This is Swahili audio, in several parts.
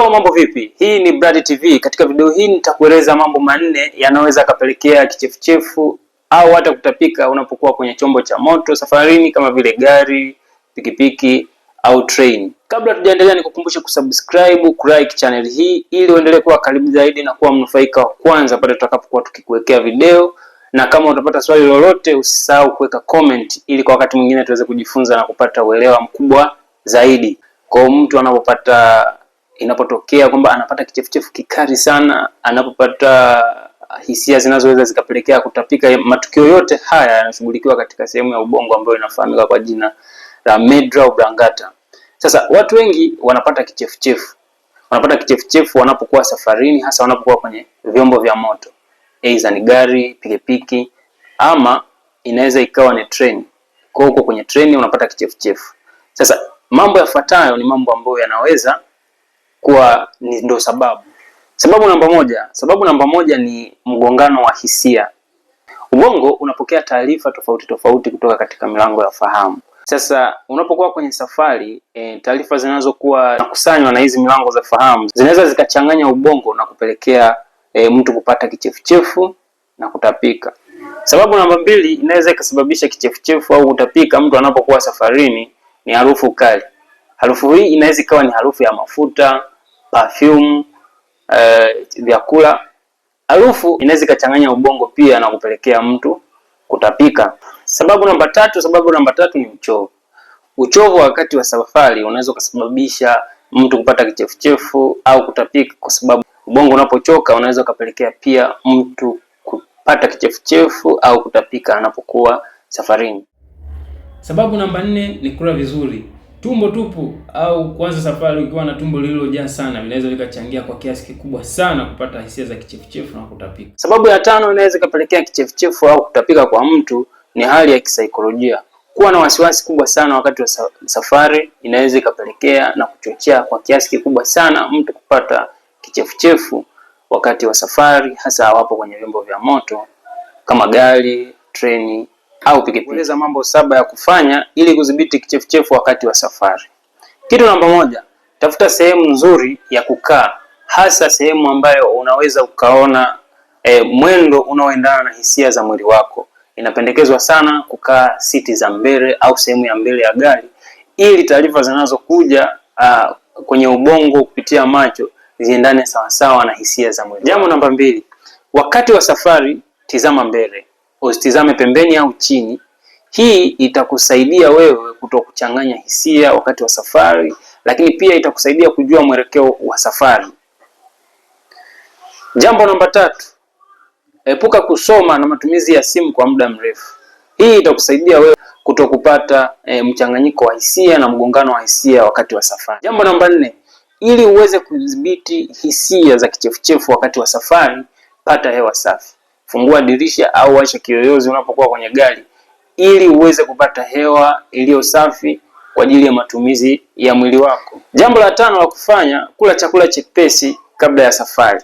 Hello, mambo vipi? Hii ni Brad TV. Katika video hii nitakueleza mambo manne yanaweza akapelekea kichefuchefu au hata kutapika unapokuwa kwenye chombo cha moto safarini kama vile gari, pikipiki au train. Kabla tujaendelea, nikukumbushe kusubscribe, kulike channel hii ili uendelee kuwa karibu zaidi na kuwa mnufaika wa kwanza pale tutakapokuwa tukikuwekea video, na kama utapata swali lolote usisahau kuweka comment ili kwa wakati mwingine tuweze kujifunza na kupata uelewa mkubwa zaidi. Kwa mtu anapopata inapotokea kwamba anapata kichefuchefu kikali sana, anapopata hisia zinazoweza zikapelekea kutapika, matukio yote haya yanashughulikiwa katika sehemu ya ubongo ambayo inafahamika kwa jina la medulla oblongata. Sasa watu wengi wanapata kichefuchefu, wanapata kichefuchefu wanapokuwa safarini, hasa wanapokuwa kwenye vyombo vya moto, aidha ni gari, pikipiki ama inaweza ikawa ni treni. Kwa huko kwenye treni unapata kichefuchefu. Sasa mambo yafuatayo ni mambo ambayo yanaweza kuwa ni ndo sababu. Sababu namba moja, sababu namba moja ni mgongano wa hisia. Ubongo unapokea taarifa tofauti tofauti kutoka katika milango ya fahamu. Sasa unapokuwa kwenye safari e, taarifa zinazokuwa nakusanywa na hizi milango za fahamu zinaweza zikachanganya ubongo na kupelekea e, mtu kupata kichefuchefu na kutapika. Sababu namba mbili inaweza ikasababisha kichefuchefu au kutapika mtu anapokuwa safarini ni harufu kali. Harufu hii inaweza ikawa ni harufu ya mafuta, perfume, eh, vyakula uh, harufu inaweza ikachanganya ubongo pia na kupelekea mtu kutapika. Sababu namba tatu, sababu namba tatu ni uchovu. Uchovu wakati wa safari unaweza ukasababisha mtu kupata kichefuchefu au kutapika, kwa sababu ubongo unapochoka unaweza ukapelekea pia mtu kupata kichefuchefu au kutapika anapokuwa safarini. Sababu namba nne ni kula vizuri tumbo tupu au kuanza safari ukiwa na tumbo lililojaa sana linaweza likachangia kwa kiasi kikubwa sana kupata hisia za kichefuchefu na kutapika. Sababu ya tano inaweza ikapelekea kichefuchefu au kutapika kwa mtu ni hali ya kisaikolojia. Kuwa na wasiwasi kubwa sana wakati wa safari inaweza ikapelekea na kuchochea kwa kiasi kikubwa sana mtu kupata kichefuchefu wakati wa safari, hasa wapo kwenye vyombo vya moto kama gari, treni au pikipiki. Mambo saba ya kufanya ili kudhibiti kichefuchefu wakati wa safari. Kitu namba moja, tafuta sehemu nzuri ya kukaa, hasa sehemu ambayo unaweza ukaona e, mwendo unaoendana na hisia za mwili wako. Inapendekezwa sana kukaa siti za mbele au sehemu ya mbele ya gari ili taarifa zinazokuja uh, kwenye ubongo kupitia macho ziendane sawasawa na hisia za mwili. Jambo namba mbili, wakati wa safari tizama mbele usitizame pembeni au chini. Hii itakusaidia wewe kuto kuchanganya hisia wakati wa safari, lakini pia itakusaidia kujua mwelekeo wa safari. Jambo namba tatu, epuka kusoma na matumizi ya simu kwa muda mrefu. Hii itakusaidia wewe kuto kupata e, mchanganyiko wa hisia na mgongano wa hisia wakati wa safari. Jambo namba nne, ili uweze kudhibiti hisia za kichefuchefu wakati wa safari, pata hewa safi fungua dirisha au washa kiyoyozi unapokuwa kwenye gari ili uweze kupata hewa iliyo safi kwa ajili ya matumizi ya mwili wako. Jambo la tano la kufanya, kula chakula chepesi kabla ya safari.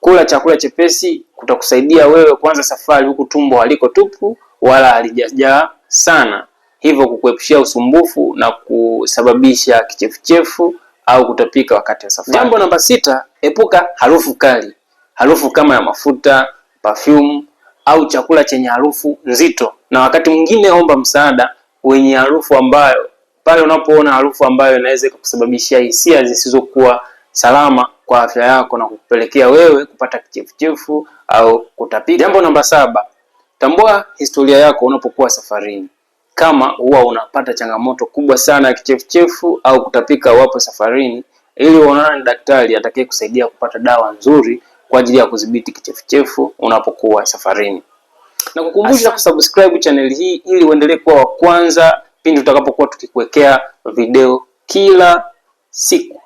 Kula chakula chepesi kutakusaidia wewe kuanza safari huku tumbo haliko tupu wala halijajaa sana, hivyo kukuepushia usumbufu na kusababisha kichefuchefu au kutapika wakati wa safari. Jambo namba sita, epuka harufu kali, harufu kama ya mafuta perfume au chakula chenye harufu nzito, na wakati mwingine omba msaada wenye harufu ambayo pale unapoona harufu ambayo inaweza ikakusababishia hisia zisizokuwa salama kwa afya yako na kukupelekea wewe kupata kichefuchefu au kutapika. Jambo namba saba, tambua historia yako unapokuwa safarini. Kama huwa unapata changamoto kubwa sana ya kichefuchefu au kutapika wapo safarini, ili uonane na daktari atakayekusaidia kusaidia kupata dawa nzuri kwa ajili ya kudhibiti kichefuchefu unapokuwa safarini. Na kukumbusha kusubscribe channel hii ili uendelee kuwa wa kwanza pindi tutakapokuwa tukikuwekea video kila siku.